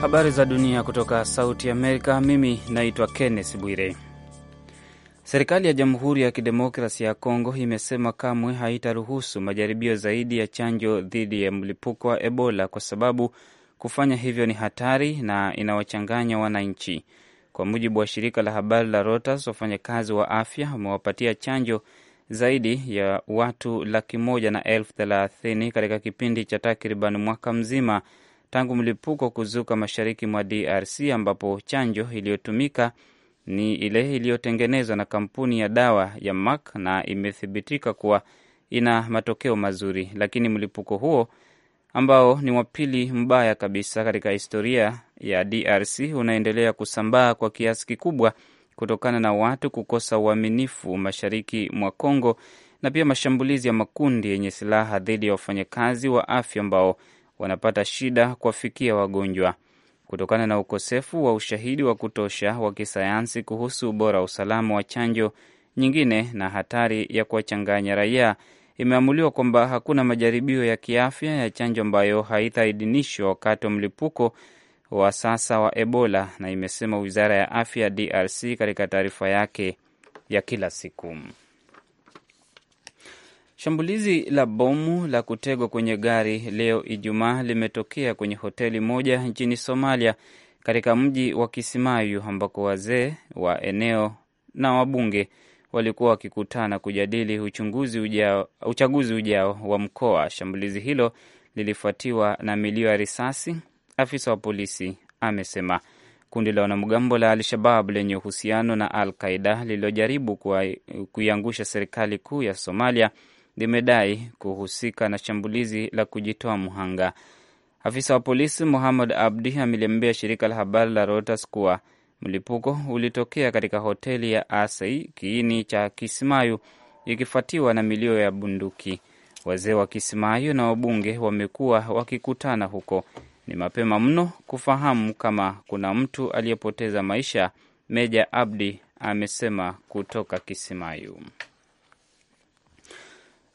Habari za dunia kutoka Sauti Amerika. Mimi naitwa Kenneth Bwire. Serikali ya Jamhuri ya Kidemokrasi ya Kongo imesema kamwe haitaruhusu majaribio zaidi ya chanjo dhidi ya mlipuko wa Ebola kwa sababu kufanya hivyo ni hatari na inawachanganya wananchi. Kwa mujibu wa shirika la habari la Reuters, wafanyakazi wa afya wamewapatia chanjo zaidi ya watu laki moja na elfu thelathini katika kipindi cha takriban mwaka mzima tangu mlipuko kuzuka mashariki mwa DRC ambapo chanjo iliyotumika ni ile iliyotengenezwa na kampuni ya dawa ya Merck na imethibitika kuwa ina matokeo mazuri, lakini mlipuko huo ambao ni wa pili mbaya kabisa katika historia ya DRC unaendelea kusambaa kwa kiasi kikubwa kutokana na watu kukosa uaminifu mashariki mwa congo na pia mashambulizi ya makundi yenye silaha dhidi ya wafanyakazi wa afya ambao wanapata shida kuwafikia wagonjwa kutokana na ukosefu wa ushahidi wa kutosha wa kisayansi kuhusu ubora wa usalama wa chanjo nyingine na hatari ya kuwachanganya raia. Imeamuliwa kwamba hakuna majaribio ya kiafya ya chanjo ambayo haitaidhinishwa wakati wa mlipuko wa sasa wa Ebola, na imesema wizara ya afya DRC katika taarifa yake ya kila siku. Shambulizi la bomu la kutegwa kwenye gari leo Ijumaa limetokea kwenye hoteli moja nchini Somalia, katika mji wa Kisimayu ambako wazee wa eneo na wabunge walikuwa wakikutana kujadili uchunguzi ujao, uchaguzi ujao wa mkoa. Shambulizi hilo lilifuatiwa na milio ya risasi, afisa wa polisi amesema. Kundi la wanamgambo la Al-Shabab lenye uhusiano na Al Qaida lililojaribu kuiangusha serikali kuu ya Somalia limedai kuhusika na shambulizi la kujitoa mhanga. Afisa wa polisi muhamad Abdi ameliambia shirika la habari la Reuters kuwa mlipuko ulitokea katika hoteli ya Asai, kiini cha kisimayu ikifuatiwa na milio ya bunduki. Wazee wa kisimayu na wabunge wamekuwa wakikutana huko. Ni mapema mno kufahamu kama kuna mtu aliyepoteza maisha, Meja Abdi amesema kutoka Kisimayu.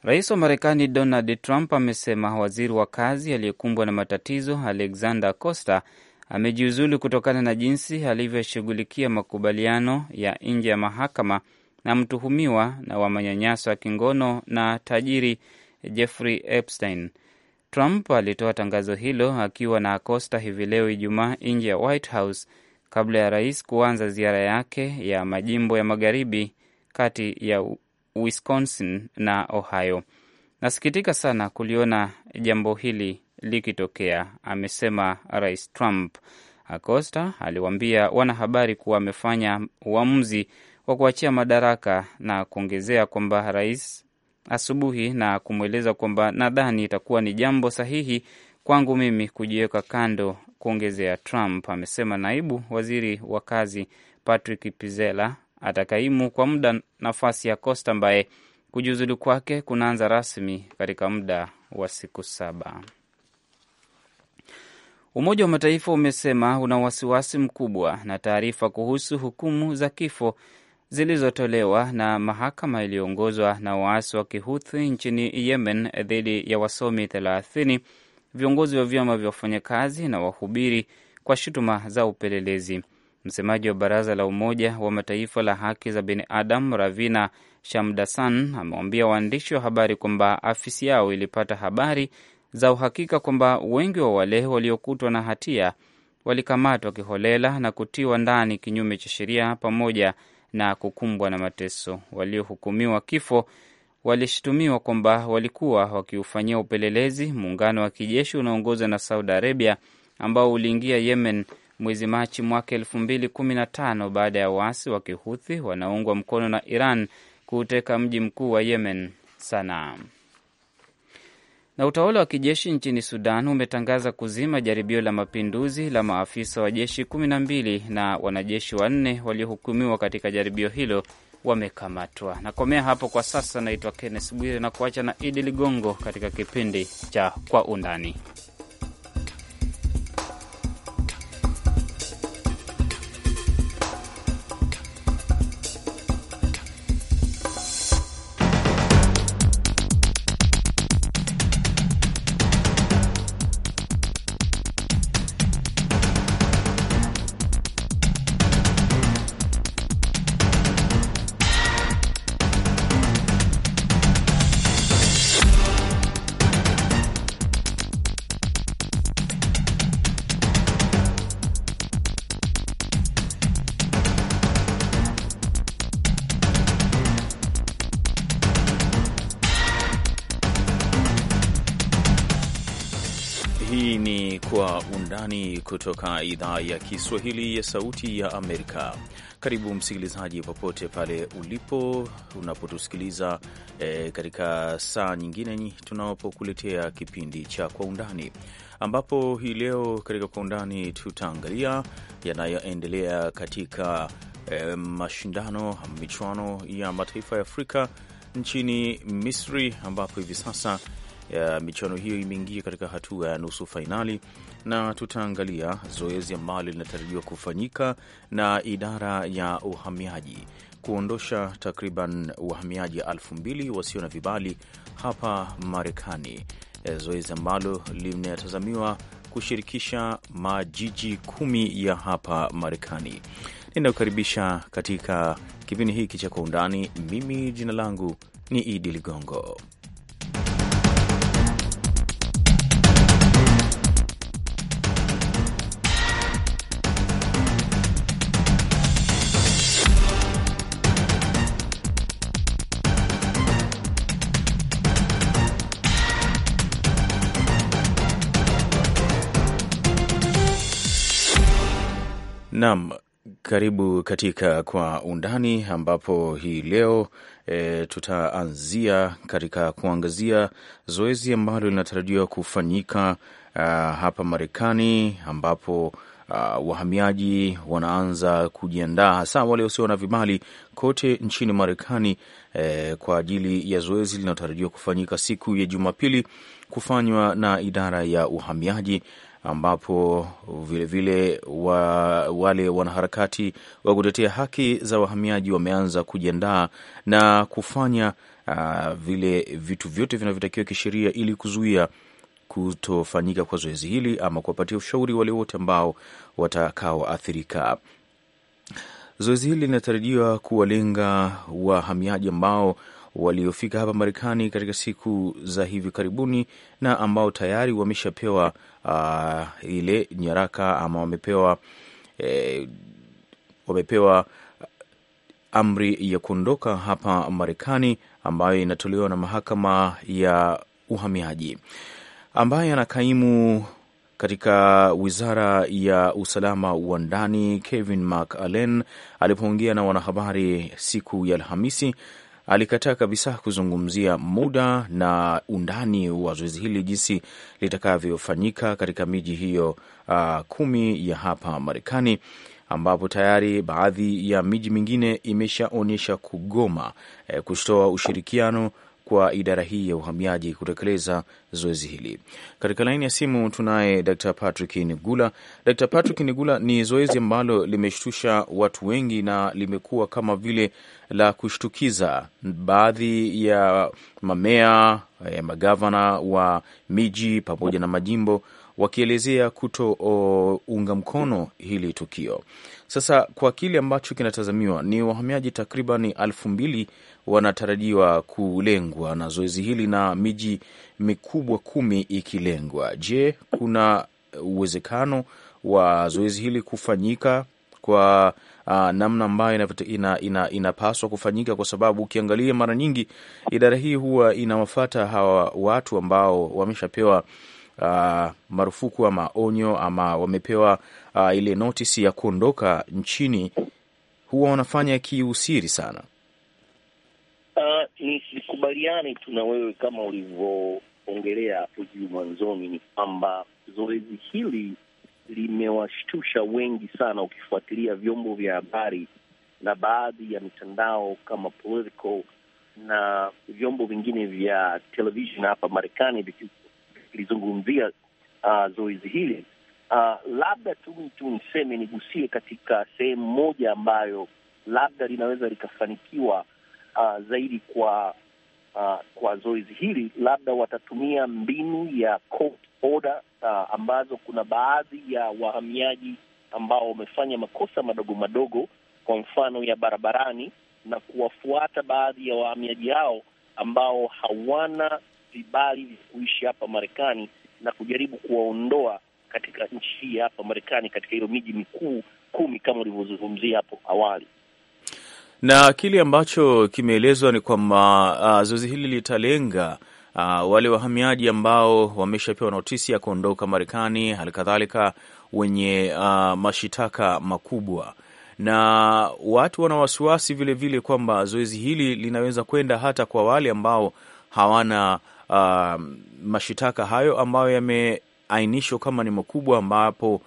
Rais wa Marekani Donald Trump amesema waziri wa kazi aliyekumbwa na matatizo Alexander Costa amejiuzulu kutokana na jinsi alivyoshughulikia makubaliano ya nje ya mahakama na mtuhumiwa na wa manyanyaso ya kingono na tajiri Jeffrey Epstein. Trump alitoa tangazo hilo akiwa na Acosta hivi leo Ijumaa nje ya White House kabla ya rais kuanza ziara yake ya majimbo ya magharibi kati ya Wisconsin na Ohio. Nasikitika sana kuliona jambo hili likitokea, amesema Rais Trump. Acosta aliwaambia wanahabari kuwa amefanya uamuzi wa kuachia madaraka na kuongezea kwamba rais asubuhi na kumweleza kwamba nadhani itakuwa ni jambo sahihi kwangu mimi kujiweka kando, kuongezea Trump. Amesema naibu waziri wa kazi Patrick Pizzella atakaimu kwa muda nafasi ya Costa ambaye kujiuzulu kwake kunaanza rasmi katika muda wa siku saba. Umoja wa Mataifa umesema una wasiwasi mkubwa na taarifa kuhusu hukumu za kifo zilizotolewa na mahakama iliyoongozwa na waasi wa Kihuthi nchini Yemen dhidi ya wasomi 30 viongozi wa vyama vya wafanyakazi na wahubiri kwa shutuma za upelelezi. Msemaji wa baraza la Umoja wa Mataifa la haki za binadamu Ravina Shamdasan amewaambia waandishi wa habari kwamba afisi yao ilipata habari za uhakika kwamba wengi wa wale waliokutwa na hatia walikamatwa kiholela na kutiwa ndani kinyume cha sheria pamoja na kukumbwa na mateso. Waliohukumiwa kifo walishutumiwa kwamba walikuwa wakiufanyia upelelezi muungano wa kijeshi unaoongozwa na Saudi Arabia ambao uliingia Yemen mwezi Machi mwaka elfu mbili kumi na tano baada ya waasi wa kihuthi wanaoungwa mkono na Iran kuuteka mji mkuu wa Yemen, Sanaa. Na utawala wa kijeshi nchini Sudan umetangaza kuzima jaribio la mapinduzi la maafisa wa jeshi kumi na mbili na wanajeshi wanne waliohukumiwa katika jaribio hilo wamekamatwa. Nakomea hapo kwa sasa. Naitwa Kenneth Bwire na kuacha na Idi Ligongo katika kipindi cha Kwa Undani. kutoka idhaa ya Kiswahili ya Sauti ya Amerika. Karibu msikilizaji, popote pale ulipo unapotusikiliza e, katika saa nyingine tunapokuletea kipindi cha Kwa Undani, ambapo hii leo katika Kwa Undani tutaangalia yanayoendelea katika e, mashindano, michuano ya mataifa ya Afrika nchini Misri, ambapo hivi sasa ya michuano hiyo imeingia katika hatua ya nusu fainali, na tutaangalia zoezi ambalo linatarajiwa kufanyika na idara ya uhamiaji kuondosha takriban wahamiaji elfu mbili wasio na vibali hapa Marekani, e, zoezi ambalo linatazamiwa kushirikisha majiji kumi ya hapa Marekani. ninayokaribisha katika kipindi hiki cha Kwa Undani. Mimi jina langu ni Idi Ligongo. Naam, karibu katika Kwa Undani, ambapo hii leo e, tutaanzia katika kuangazia zoezi ambalo linatarajiwa kufanyika a, hapa Marekani ambapo Uh, wahamiaji wanaanza kujiandaa hasa wale wasio na vibali kote nchini Marekani eh, kwa ajili ya zoezi linalotarajiwa kufanyika siku ya Jumapili kufanywa na idara ya uhamiaji ambapo vilevile wa, wale wanaharakati wa kutetea haki za wahamiaji wameanza kujiandaa na kufanya uh, vile vitu vyote vinavyotakiwa kisheria ili kuzuia kutofanyika kwa zoezi hili ama kuwapatia ushauri wale wote ambao watakaoathirika. Zoezi hili linatarajiwa kuwalenga wahamiaji ambao waliofika hapa Marekani katika siku za hivi karibuni na ambao tayari wameshapewa uh, ile nyaraka ama wamepewa eh, wamepewa amri ya kuondoka hapa Marekani ambayo inatolewa na mahakama ya uhamiaji ambaye anakaimu katika wizara ya usalama wa ndani Kevin McAllen alipoongea na wanahabari siku ya Alhamisi alikataa kabisa kuzungumzia muda na undani wa zoezi hili jinsi litakavyofanyika katika miji hiyo uh, kumi ya hapa Marekani ambapo tayari baadhi ya miji mingine imeshaonyesha kugoma eh, kutoa ushirikiano kwa idara hii ya uhamiaji kutekeleza zoezi hili. Katika laini ya simu tunaye Dr. Patrick Nigula. Dr. Patrick Nigula, ni zoezi ambalo limeshtusha watu wengi na limekuwa kama vile la kushtukiza. Baadhi ya mamea ya magavana wa miji pamoja na majimbo wakielezea kutounga mkono hili tukio. Sasa kwa kile ambacho kinatazamiwa ni wahamiaji takriban alfu mbili wanatarajiwa kulengwa na zoezi hili na miji mikubwa kumi ikilengwa. Je, kuna uwezekano wa zoezi hili kufanyika kwa uh, namna ambayo inapaswa ina, ina kufanyika, kwa sababu ukiangalia mara nyingi idara hii huwa inawafata hawa watu ambao wameshapewa uh, marufuku ama onyo ama wamepewa uh, ile notisi ya kuondoka nchini, huwa wanafanya kiusiri sana. Uh, ni sikubaliani tu na wewe kama ulivyoongelea hapo juu mwanzoni, ni kwamba zoezi hili limewashtusha wengi sana, ukifuatilia vyombo vya habari na baadhi ya mitandao kama Political na vyombo vingine vya television hapa Marekani likilizungumzia uh, zoezi hili uh, labda tu tu niseme nigusie katika sehemu moja ambayo labda linaweza likafanikiwa uh, zaidi kwa uh, kwa zoezi hili, labda watatumia mbinu ya court order uh, ambazo kuna baadhi ya wahamiaji ambao wamefanya makosa madogo madogo, kwa mfano ya barabarani, na kuwafuata baadhi ya wahamiaji hao ambao hawana vibali vya kuishi hapa Marekani na kujaribu kuwaondoa katika nchi hii hapa Marekani, katika hiyo miji mikuu kumi kama ulivyozungumzia hapo awali na kile ambacho kimeelezwa ni kwamba uh, zoezi hili litalenga uh, wale wahamiaji ambao wameshapewa notisi ya kuondoka Marekani, halikadhalika wenye uh, mashitaka makubwa, na watu wana wasiwasi vilevile kwamba zoezi hili linaweza kwenda hata kwa wale ambao hawana uh, mashitaka hayo ambayo yameainishwa kama ni makubwa, ambapo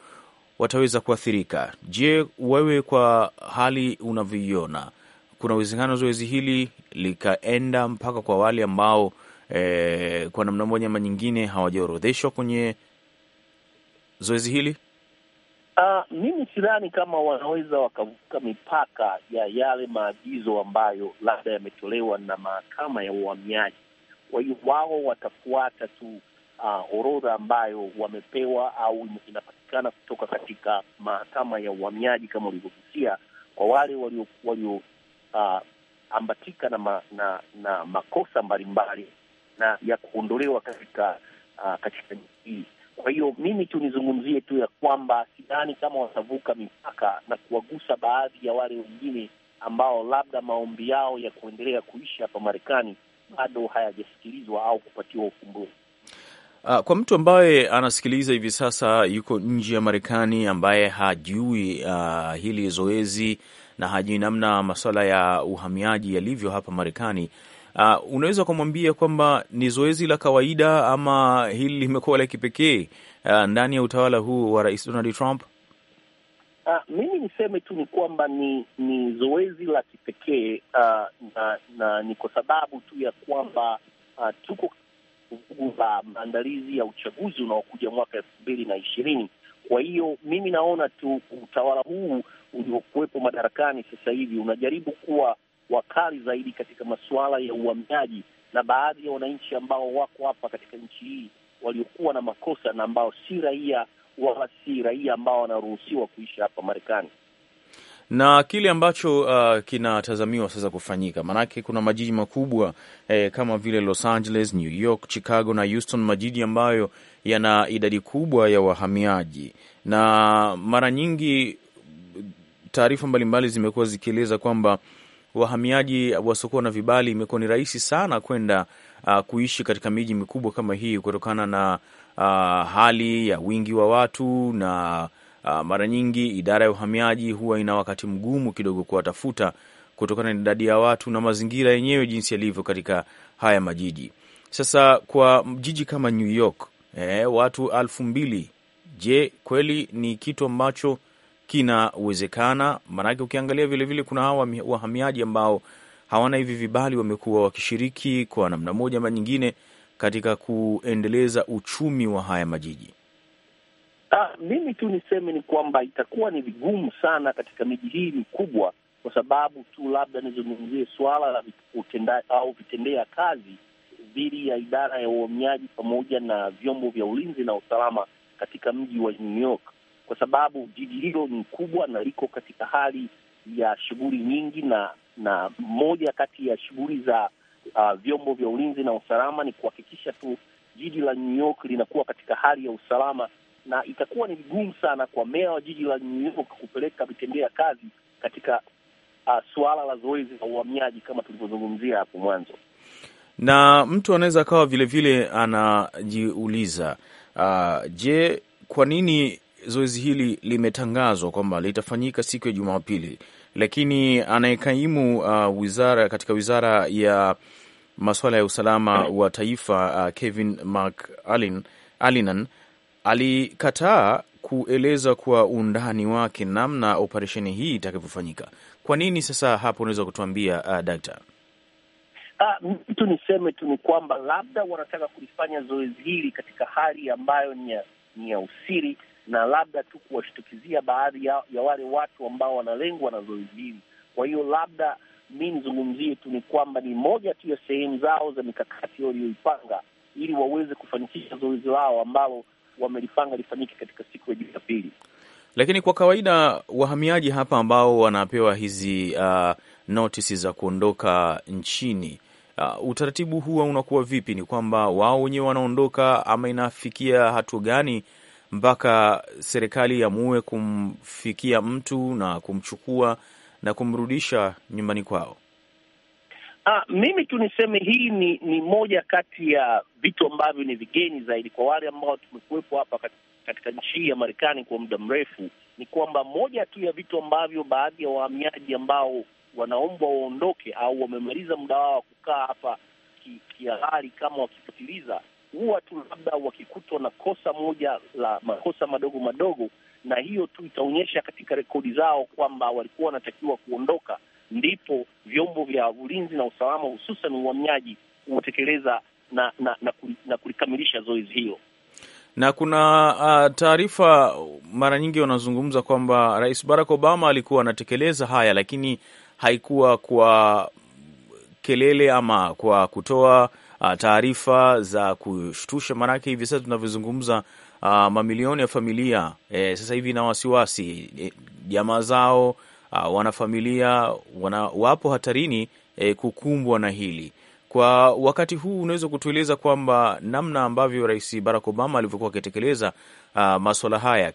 wataweza kuathirika. Je, wewe kwa hali unavyoiona, kuna uwezekano zoezi hili likaenda mpaka kwa wale ambao eh, kwa namna moja ama nyingine hawajaorodheshwa kwenye zoezi hili? Uh, mimi sidhani kama wanaweza wakavuka mipaka ya yale maagizo ambayo labda yametolewa na mahakama ya uhamiaji kwa hiyo wao watafuata tu uh, orodha ambayo wamepewa au inapatikana kutoka katika mahakama ya uhamiaji kama ulivyogusia, kwa wale walioambatika ah, uh, na, ma, na na makosa mbalimbali na ya kuondolewa katika uh, katika nchi hii. Kwa hiyo mimi tu nizungumzie tu ya kwamba sidhani kama watavuka mipaka na kuwagusa baadhi ya wale wengine ambao labda maombi yao ya kuendelea kuishi hapa Marekani bado hayajasikilizwa au kupatiwa ufumbuzi. Ah, kwa mtu ambaye anasikiliza hivi sasa, yuko nje ya Marekani, ambaye hajui uh, hili zoezi na hajui namna masuala ya uhamiaji yalivyo hapa Marekani, uh, unaweza kumwambia kwamba ni zoezi la kawaida ama hili limekuwa la kipekee uh, ndani ya utawala huu wa Rais Donald Trump? Uh, mimi niseme tu ni kwamba ni ni zoezi la kipekee uh, na, na ni kwa sababu tu ya kwamba uh, tuko vugu la maandalizi ya uchaguzi unaokuja mwaka elfu mbili na ishirini. Kwa hiyo mimi naona tu utawala huu uliokuwepo madarakani sasa hivi unajaribu kuwa wakali zaidi katika masuala ya uhamiaji, na baadhi ya wananchi ambao wako hapa katika nchi hii waliokuwa na makosa na ambao si raia wa si raia ambao wanaruhusiwa kuishi hapa Marekani na kile ambacho uh, kinatazamiwa sasa kufanyika, maanake kuna majiji makubwa eh, kama vile Los Angeles, New York, Chicago na Houston, majiji ambayo yana idadi kubwa ya wahamiaji, na mara nyingi taarifa mbalimbali zimekuwa zikieleza kwamba wahamiaji wasiokuwa na vibali imekuwa ni rahisi sana kwenda uh, kuishi katika miji mikubwa kama hii kutokana na uh, hali ya wingi wa watu na uh, mara nyingi idara ya uhamiaji huwa ina wakati mgumu kidogo kuwatafuta kutokana na idadi ya watu na mazingira yenyewe jinsi yalivyo katika haya majiji. Sasa kwa jiji kama New York eh, watu alfu mbili, je, kweli ni kitu ambacho kinawezekana? Maanake ukiangalia vilevile vile kuna hawa wahamiaji ambao hawana hivi vibali, wamekuwa wakishiriki kwa namna moja ama nyingine katika kuendeleza uchumi wa haya majiji? Ah, mimi tu niseme ni kwamba itakuwa ni vigumu sana katika miji hii mikubwa, kwa sababu tu labda nizungumzie suala la utenda au vitendea kazi dhidi ya idara ya uhamiaji pamoja na vyombo vya ulinzi na usalama katika mji wa New York, kwa sababu jiji hilo ni kubwa na liko katika hali ya shughuli nyingi, na na moja kati ya shughuli za uh, vyombo vya ulinzi na usalama ni kuhakikisha tu jiji la New York linakuwa katika hali ya usalama, na itakuwa ni vigumu sana kwa meya wa jiji la New York kupeleka vitendea kazi katika uh, suala la zoezi la uhamiaji kama tulivyozungumzia hapo mwanzo. Na mtu anaweza akawa vilevile anajiuliza uh, je, kwa nini zoezi hili limetangazwa kwamba litafanyika siku ya Jumapili? lakini anayekaimu uh, wizara katika wizara ya masuala ya usalama wa taifa uh, Kevin McAllinan alikataa kueleza kwa undani wake namna operesheni hii itakavyofanyika. Kwa nini sasa hapo unaweza kutuambia uh, dakta? Ah, mtu uh, niseme tu ni kwamba labda wanataka kulifanya zoezi hili katika hali ambayo ni ya, ni ya usiri na labda tu kuwashtukizia baadhi ya, ya wale watu ambao wanalengwa na zoezi hili. Kwa hiyo labda mi nizungumzie tu ni kwamba ni moja tu ya sehemu zao za mikakati walioipanga ili waweze kufanikisha zoezi lao ambalo wamelipanga lifanyike katika siku ya Jumapili. Lakini kwa kawaida wahamiaji hapa ambao wanapewa hizi uh, notisi za kuondoka nchini uh, utaratibu huwa unakuwa vipi? Ni kwamba wao wenyewe wanaondoka ama inafikia hatua gani mpaka serikali amue kumfikia mtu na kumchukua na kumrudisha nyumbani kwao? Ah, mimi tu niseme hii ni, ni moja kati ya vitu ambavyo ni vigeni zaidi kwa wale ambao tumekuwepo hapa katika nchi hii ya Marekani kwa muda mrefu. Ni kwamba moja tu ya vitu ambavyo baadhi ya wahamiaji ambao wanaombwa waondoke au wamemaliza muda wao wa kukaa hapa kihalali ki kama wakisikiliza huwa tu labda wakikutwa na kosa moja la makosa madogo madogo, na hiyo tu itaonyesha katika rekodi zao kwamba walikuwa wanatakiwa kuondoka, ndipo vyombo vya ulinzi na usalama hususan uhamiaji hutekeleza na, na, na, na kulikamilisha zoezi hilo na kuna uh, taarifa mara nyingi wanazungumza kwamba Rais Barack Obama alikuwa anatekeleza haya, lakini haikuwa kwa kelele ama kwa kutoa uh, taarifa za kushtusha, maanake hivi sasa tunavyozungumza uh, mamilioni ya familia e, sasa hivi na wasiwasi eh, jamaa e, zao uh, wanafamilia wana, wapo hatarini e, kukumbwa na hili. Kwa wakati huu unaweza kutueleza kwamba namna ambavyo Rais Barack Obama alivyokuwa akitekeleza uh, maswala haya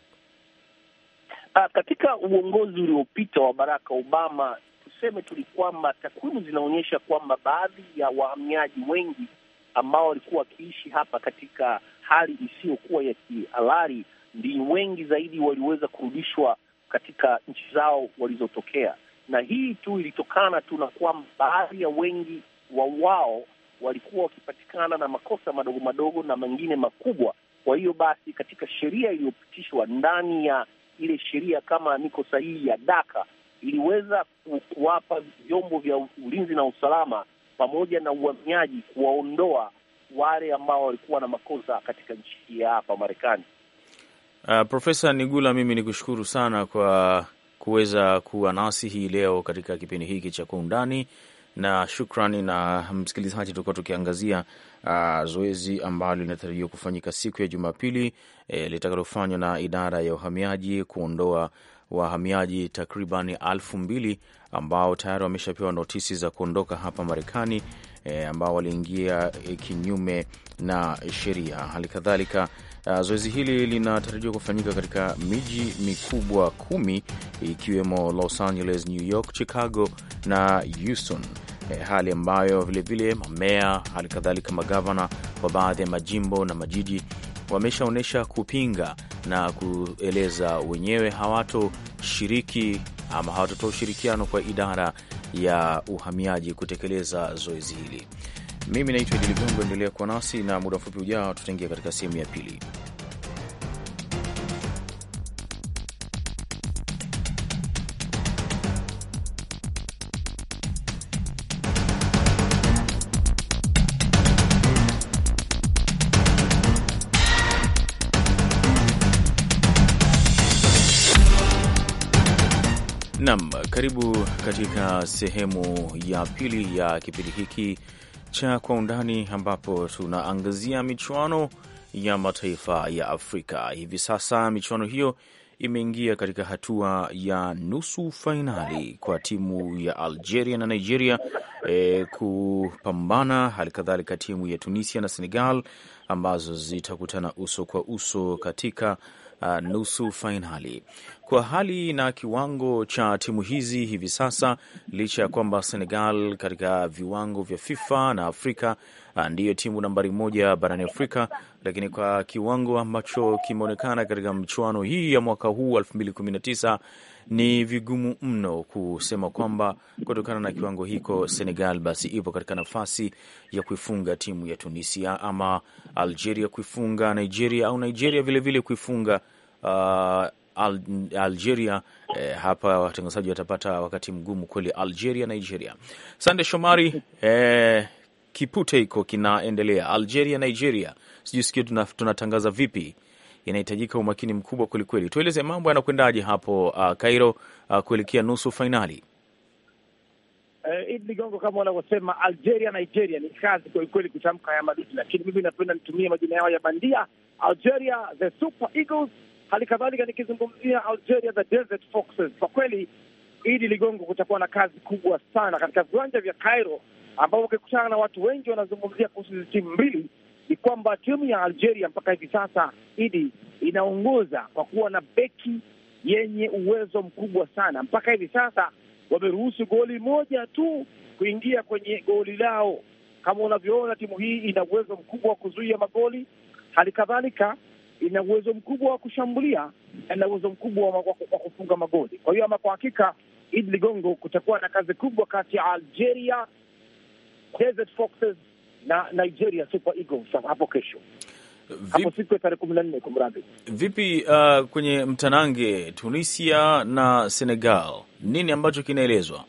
katika uongozi uliopita wa Barack Obama niseme tu ni kwamba takwimu zinaonyesha kwamba baadhi ya wahamiaji wengi ambao walikuwa wakiishi hapa katika hali isiyokuwa ya kihalali ndi wengi zaidi waliweza kurudishwa katika nchi zao walizotokea, na hii tu ilitokana tu na kwamba baadhi ya wengi wa wao walikuwa wakipatikana na makosa madogo madogo na mengine makubwa. Kwa hiyo basi, katika sheria iliyopitishwa ndani ya ile sheria, kama niko sahihi, ya Daka iliweza kuwapa vyombo vya ulinzi na usalama pamoja na uhamiaji kuwaondoa wale ambao walikuwa na makosa katika nchi ya hapa Marekani. Uh, Profesa Nigula, mimi ni kushukuru sana kwa kuweza kuwa nasi hii leo katika kipindi hiki cha Kwa Undani, na shukrani. Na msikilizaji, tulikuwa tukiangazia uh, zoezi ambalo linatarajiwa kufanyika siku ya Jumapili eh, litakalofanywa na idara ya uhamiaji kuondoa wahamiaji takriban alfu mbili ambao tayari wameshapewa notisi za kuondoka hapa Marekani e, ambao waliingia e, kinyume na sheria. Hali kadhalika e, zoezi hili linatarajiwa kufanyika katika miji mikubwa kumi ikiwemo Los Angeles, New York, Chicago na Houston. E, hali ambayo vilevile mamea hali kadhalika magavana wa baadhi ya majimbo na majiji wameshaonyesha kupinga na kueleza wenyewe hawatoshiriki ama hawatotoa ushirikiano kwa idara ya uhamiaji kutekeleza zoezi hili. Mimi naitwa Idi Ligongo, endelea kuwa nasi na muda mfupi ujao tutaingia katika sehemu ya pili. Karibu katika sehemu ya pili ya kipindi hiki cha Kwa Undani, ambapo tunaangazia michuano ya mataifa ya Afrika. Hivi sasa michuano hiyo imeingia katika hatua ya nusu fainali kwa timu ya Algeria na Nigeria e, kupambana hali kadhalika timu ya Tunisia na Senegal ambazo zitakutana uso kwa uso katika uh, nusu fainali. Kwa hali na kiwango cha timu hizi hivi sasa, licha ya kwamba Senegal katika viwango vya FIFA na Afrika uh, ndiyo timu nambari moja barani Afrika, lakini kwa kiwango ambacho kimeonekana katika mchuano hii ya mwaka huu elfu mbili kumi na tisa ni vigumu mno kusema kwamba kutokana na kiwango hiko Senegal basi ipo katika nafasi ya kuifunga timu ya Tunisia ama Algeria kuifunga Nigeria au Nigeria vilevile kuifunga uh, Al Algeria. Eh, hapa watangazaji watapata wakati mgumu kweli, Algeria Nigeria. Sande Shomari, eh, kipute hiko kinaendelea Algeria Nigeria, sijui sikio tunatangaza vipi inahitajika umakini mkubwa kwelikweli. Tueleze mambo yanakwendaje hapo uh, Cairo uh, kuelekea nusu fainali. Uh, Idi Ligongo, kama wanavyosema Algeria Nigeria ni kazi kwelikweli kutamka haya madudi, lakini mimi napenda nitumie majina yao ya bandia, Algeria the Super Eagles, hali kadhalika nikizungumzia Algeria the Desert Foxes. Kwa kweli Idi Ligongo, kutakuwa na kazi kubwa sana katika viwanja vya Cairo, ambao ukikutana na watu wengi wanazungumzia kuhusu hizi timu mbili ni kwamba timu ya Algeria mpaka hivi sasa idi inaongoza kwa kuwa na beki yenye uwezo mkubwa sana. Mpaka hivi sasa wameruhusu goli moja tu kuingia kwenye goli lao. Kama unavyoona, timu hii ina uwezo mkubwa wa kuzuia magoli, hali kadhalika ina uwezo mkubwa wa kushambulia na ina uwezo mkubwa wa kufunga magoli. Kwa hiyo ama kwa hakika, Idi Ligongo, kutakuwa na kazi kubwa kati ya Algeria Desert Foxes na Nigeria Super Eagles hapo kesho hapo siku ya tarehe kumi na nne kumradhi. Vipi uh, kwenye mtanange Tunisia na Senegal, nini ambacho kinaelezwa?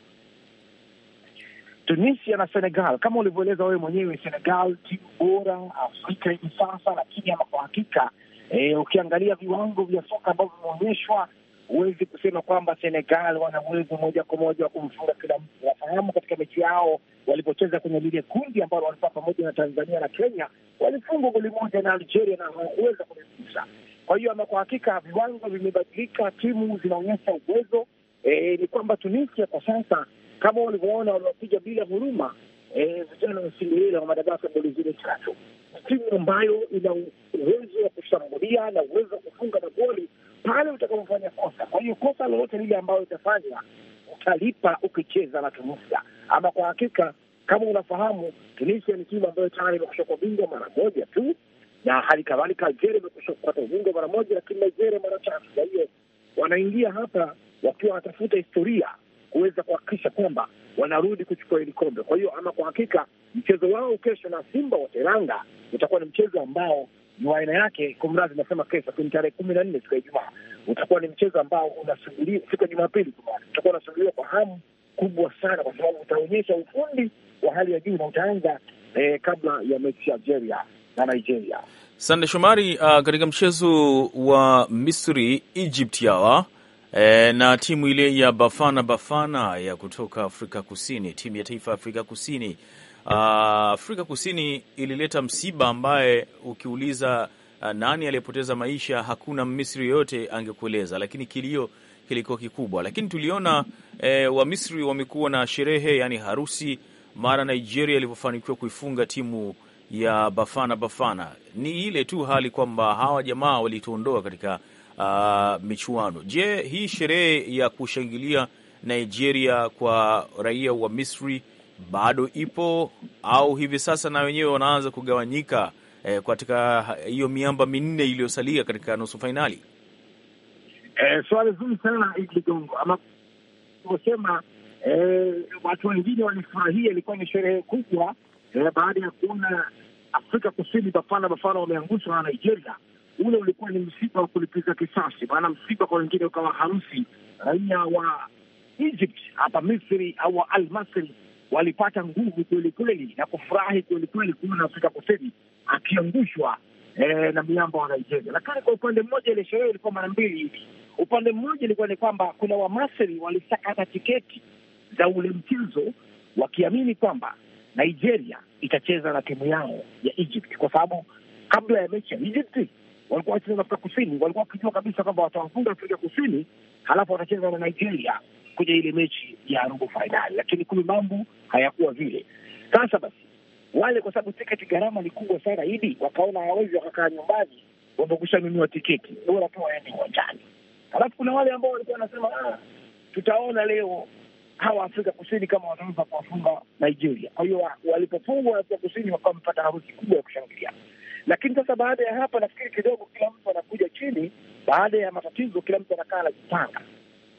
Tunisia na Senegal, kama ulivyoeleza wewe mwenyewe, Senegal timu bora Afrika hivi sasa, lakini ama kwa hakika e, ukiangalia viwango vya soka ambavyo vimeonyeshwa, huwezi kusema kwamba Senegal wana uwezo moja kwa moja wa kumfunga kila mtu. Nafahamu katika mechi yao walipocheza kwenye lile kundi ambalo walikuwa pamoja na Tanzania na Kenya, walifungwa goli moja na Algeria na hawakuweza kurudisha. Kwa hiyo ama kwa hakika viwango vimebadilika, timu zinaonyesha uwezo. E, ni kwamba Tunisia kwa sasa kama walivyoona waliwapiga bila huruma e, vijana e, wa Singeli wa Madagaskar goli zile tatu. Timu ambayo ina uwezo wa kushambulia na uwezo wa kufunga magoli pale utakapofanya kosa. Kwa hiyo kosa lolote lile ambayo itafanywa utalipa ukicheza na Tunisia. Ama kwa hakika, kama unafahamu, Tunisia ni timu ambayo tayari imekusha kwa bingwa mara moja tu, na hali kadhalika Algeria imekusha kupata ubingwa mara moja, lakini Nigeria mara tatu. Kwa hiyo wanaingia hapa wakiwa wanatafuta historia kuweza kuhakikisha kwamba wanarudi kuchukua hili kombe. Kwa hiyo ama kwa hakika, mchezo wao kesho na Simba wa Teranga utakuwa ni mchezo ambao ni wa aina yake. Kumradhi, nasema kesho, lakini tarehe kumi na nne siku ya Ijumaa utakuwa ni mchezo ambao unasubiriwa, siku ya Jumapili utakuwa unasubiriwa kwa hamu kubwa sana, kwa sababu utaonyesha ufundi wa hali ya juu na utaanza eh, kabla ya mechi ya Algeria na Nigeria. Sande Shomari, uh, katika mchezo wa Misri Egypt yawa E, eh, na timu ile ya Bafana Bafana ya kutoka Afrika Kusini, timu ya taifa ya Afrika Kusini. Aa, uh, Afrika Kusini ilileta msiba ambaye ukiuliza Ah, nani aliyepoteza maisha, hakuna Misri yoyote angekueleza, lakini kilio kilikuwa kikubwa. Lakini tuliona e, Wamisri wamekuwa na sherehe, yani harusi, mara Nigeria ilivyofanikiwa kuifunga timu ya Bafana Bafana. Ni ile tu hali kwamba hawa jamaa walituondoa katika uh, michuano. Je, hii sherehe ya kushangilia Nigeria kwa raia wa Misri bado ipo au hivi sasa na wenyewe wanaanza kugawanyika eh, katika hiyo miamba minne iliyosalia katika nusu fainali? Eh, swali zuri sana Idi Ligongo, ama kusema eh, watu wengine walifurahia, ilikuwa ni sherehe kubwa eh, baada ya kuona Afrika Kusini Bafana Bafana wameangushwa na Nigeria. Ule ulikuwa ni msiba wa kulipiza kisasi, maana msiba kwa wengine ukawa harusi. Raia wa Egypt hapa Misri au Almasri walipata nguvu kwelikweli na kufurahi kwelikweli kuona Afrika Kusini akiangushwa eh, na miamba wa Nigeria. Lakini kwa upande mmoja ile sherehe ilikuwa mara mbili hivi. Upande mmoja ilikuwa ni kwamba kuna Wamasri walisakata tiketi za ule mchezo wakiamini kwamba Nigeria itacheza na timu yao ya Egypt kwa sababu kabla ya mechi ya Egypt walikuwa wacheza na Afrika Kusini, walikuwa wakijua kabisa kwamba watawafunga Afrika Kusini halafu watacheza na Nigeria kwenye ile mechi ya robo fainali, lakini kumbe mambo hayakuwa vile. Sasa basi wale, kwa sababu tiketi gharama ni kubwa sana hidi, wakaona hawawezi wakakaa nyumbani, nunua tiketi, bora tu waende uwanjani. Alafu kuna wale ambao walikuwa wanasema ah, tutaona leo hawa Afrika Kusini kama wanaweza kuwafunga Nigeria. Kwa hiyo walipofungwa Afrika Kusini wakawa wamepata harusi kubwa ya kushangilia. Lakini sasa baada ya hapa, nafikiri kidogo kila mtu anakuja chini, baada ya matatizo kila mtu anakaa anajipanga.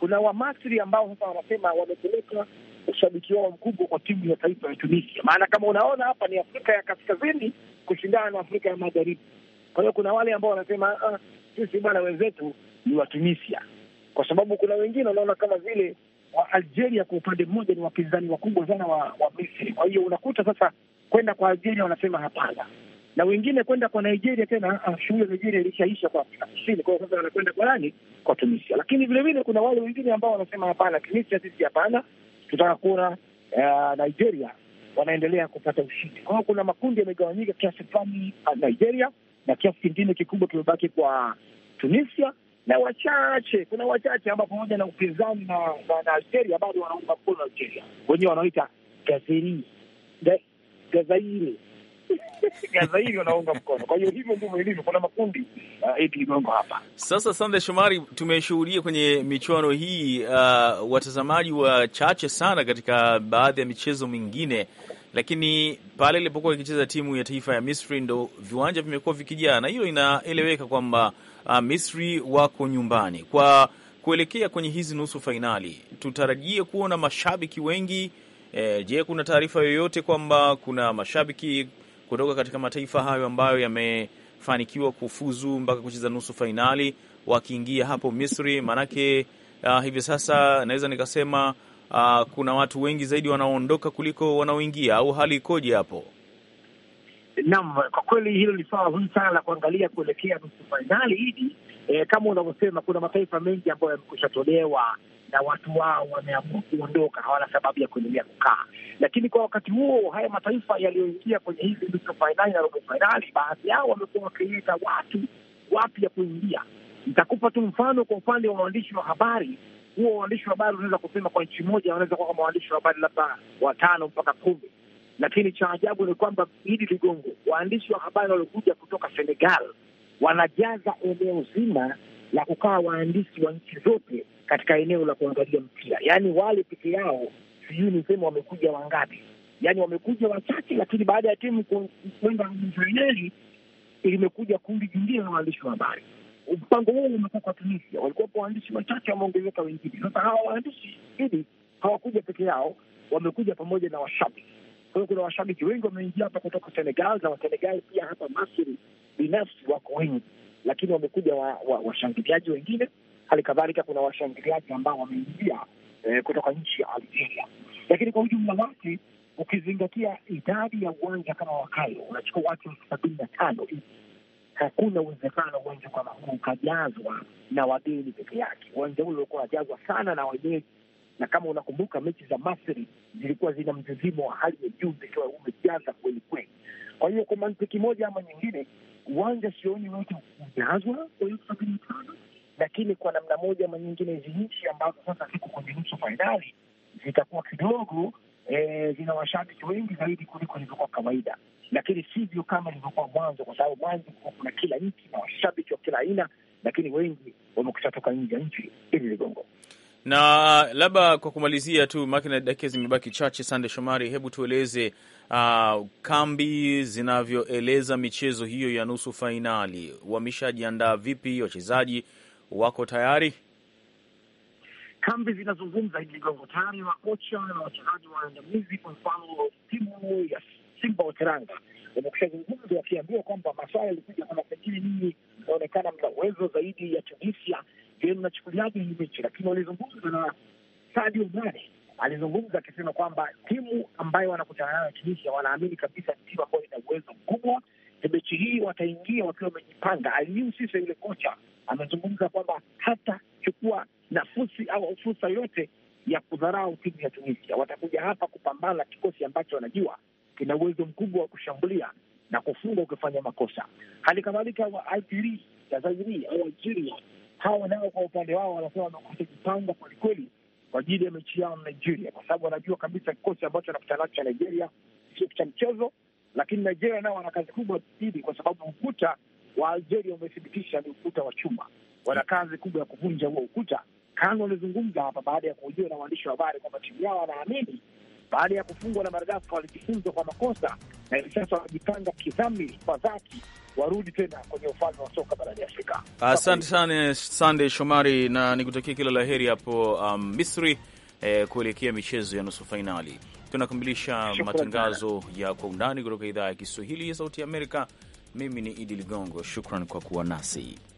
Kuna Wamasri ambao sasa wanasema wamepeleka ushabiki wao mkubwa kwa timu ya taifa ya Tunisia, maana kama unaona hapa ni Afrika ya kaskazini kushindana na Afrika ya magharibi. Kwa hiyo kuna wale ambao wanasema uh, sisi bwana, wenzetu ni wa Tunisia, kwa sababu kuna wengine wanaona kama vile wa Algeria kwa upande mmoja ni wapinzani wakubwa sana wa, wa Misri. Kwa hiyo unakuta sasa kwenda kwa Algeria wanasema hapana, na wengine kwenda kwa Nigeria tena. Ah, ah, Shughuli ya Nigeria ilishaisha kwa Afrika Kusini, kwa hiyo sasa wanakwenda kwa nani? Kwa Tunisia. Lakini vilevile kuna wale wengine ambao wanasema hapana, Tunisia sisi hapana, tutaka kuona uh, Nigeria wanaendelea kupata ushindi. Kwa hiyo kuna makundi yamegawanyika kiasi fulani Nigeria na kiasi kingine kikubwa kimebaki kwa Tunisia na wachache, kuna wachache ambao pamoja na upinzani na na Algeria bado wanaunga mkono Algeria, wenyewe wanaoita Gazairi Gaza hili wanaunga mkono. Kwa hiyo hivyo ndivyo ilivyo, kuna makundi uh, eti hapa sasa. Sande Shomari, tumeshuhudia kwenye michuano hii uh, watazamaji wachache sana katika baadhi ya michezo mingine, lakini pale ilipokuwa ikicheza timu ya taifa ya Misri ndo viwanja vimekuwa vikijaa, na hiyo inaeleweka kwamba uh, Misri wako nyumbani. Kwa kuelekea kwenye hizi nusu fainali, tutarajie kuona mashabiki wengi eh, Je, kuna taarifa yoyote kwamba kuna mashabiki kutoka katika mataifa hayo ambayo yamefanikiwa kufuzu mpaka kucheza nusu fainali, wakiingia hapo Misri. Maanake uh, ah, hivi sasa naweza nikasema uh, kuna watu wengi zaidi wanaoondoka kuliko wanaoingia, au hali ikoje hapo? Naam, kwa kweli hilo ni swala sana la kuangalia kuelekea nusu fainali hii E, kama unavyosema kuna mataifa mengi ambayo yamekusha tolewa na watu wao wameamua kuondoka, hawana sababu ya kuendelea kukaa. Lakini kwa wakati huo, haya mataifa yaliyoingia kwenye hizi nusu fainali na robo fainali, baadhi yao wamekuwa wakileta watu wapya kuingia. Nitakupa tu mfano. Kwa upande wa waandishi wa habari, huo waandishi wa habari unaweza kusema kwa nchi moja wanaweza kuwa kama waandishi wa habari labda watano mpaka kumi, lakini cha ajabu ni kwamba Idi Ligongo, waandishi wa habari waliokuja kutoka Senegal wanajaza eneo zima la kukaa waandishi wa nchi zote katika eneo la kuangalia mpira. Yaani wale peke yao sijui niseme wamekuja wangapi, yaani wamekuja wachache, lakini baada ya timu kwenda fainali limekuja kundi jingine la waandishi wa habari. Mpango huo umekuwa kwa Tunisia, walikuwapo waandishi wachache, wameongezeka wengine. Sasa hawa waandishi ili hawakuja peke yao, wamekuja pamoja na washabiki kwa hiyo kuna washabiki wengi wameingia hapa kutoka Senegal na Wasenegal pia hapa Masri binafsi wako wengi, lakini wamekuja washangiliaji wa, wa wengine. Hali kadhalika kuna washangiliaji ambao wameingia eh, kutoka nchi ya Algeria, lakini kwa ujumla wake ukizingatia idadi ya uwanja kama wakayo unachukua watu elfu sabini na tano hakuna uwezekano uwanja kama huu ukajazwa na wageni peke yake. Uwanja ule ulikuwa unajazwa sana na wenyeji na kama unakumbuka mechi za Masri zilikuwa zina mzizimo wa hali ya juu, zikiwa umejaza kweli kweli. Kwa hiyo kwa mantiki moja ama nyingine, uwanja sioni wote kujazwa kwa hiyo na tano lakini kwa namna moja ama nyingine, hizi nchi ambazo sasa ziko kwenye nusu fainali zitakuwa kidogo eh, zina washabiki wengi zaidi kuliko ilivyokuwa kawaida, lakini sivyo kama ilivyokuwa mwanzo, kwa sababu mwanzo kuna kila nchi na washabiki wa kila aina, lakini wengi wamekusha toka nje ya nchi ili ligongo na labda kwa kumalizia tu, makina dakika zimebaki chache, Sande Shomari, hebu tueleze uh, kambi zinavyoeleza michezo hiyo ya nusu fainali, wameshajiandaa vipi? Wachezaji wako tayari? Kambi zinazungumza hili ligongo tayari, makocha na wachezaji waandamizi. Kwa mfano timu ya Simba wa Teranga zungumza wakiambiwa kwamba maswala yalikuja kwamba pengine nini, inaonekana mna uwezo zaidi ya Tunisia Je, mnachukuliaje hii mechi? Lakini walizungumza na Sadio Mane, alizungumza akisema kwamba timu ambayo wanakutana nayo Tunisia wanaamini kabisa timu ambayo ina uwezo mkubwa mechi hii wataingia wakiwa wamejipanga. Aliu Sise yule kocha amezungumza kwamba hata chukua nafasi au fursa yote ya kudharau timu ya Tunisia. Watakuja hapa kupambana kikosi ambacho wanajua kina uwezo mkubwa wa kushambulia na kufunga ukifanya makosa. Hali kadhalika Waalgeria, Algeria hawa nao kwa upande wao wanasema wamekosa kujipanga kwelikweli kwa ajili ya mechi yao na Nigeria, kwa sababu wanajua kabisa kikosi ambacho anakutana nacho cha Nigeria sio cha mchezo. Lakini Nigeria nao wana kazi kubwa zaidi, kwa sababu ukuta wa Algeria umethibitisha ni ukuta wa chuma. Wana kazi kubwa ya kuvunja huo ukuta. Kano walizungumza hapa baada ya kuhojiwa na waandishi wa habari kwamba timu yao wanaamini baada ya kufungwa na Madagaska walijifunza kwa makosa eh, sasa wanajipanga kidhamiri kwa dhati warudi tena kwenye ufalme wa soka barani Afrika. Asante sana Sande Shomari, na nikutakia kila la heri hapo um, Misri eh, kuelekea michezo ya nusu fainali. Tunakamilisha matangazo ya Kwa Undani kutoka idhaa ya Kiswahili ya Sauti ya Amerika. Mimi ni Idi Ligongo, shukran kwa kuwa nasi.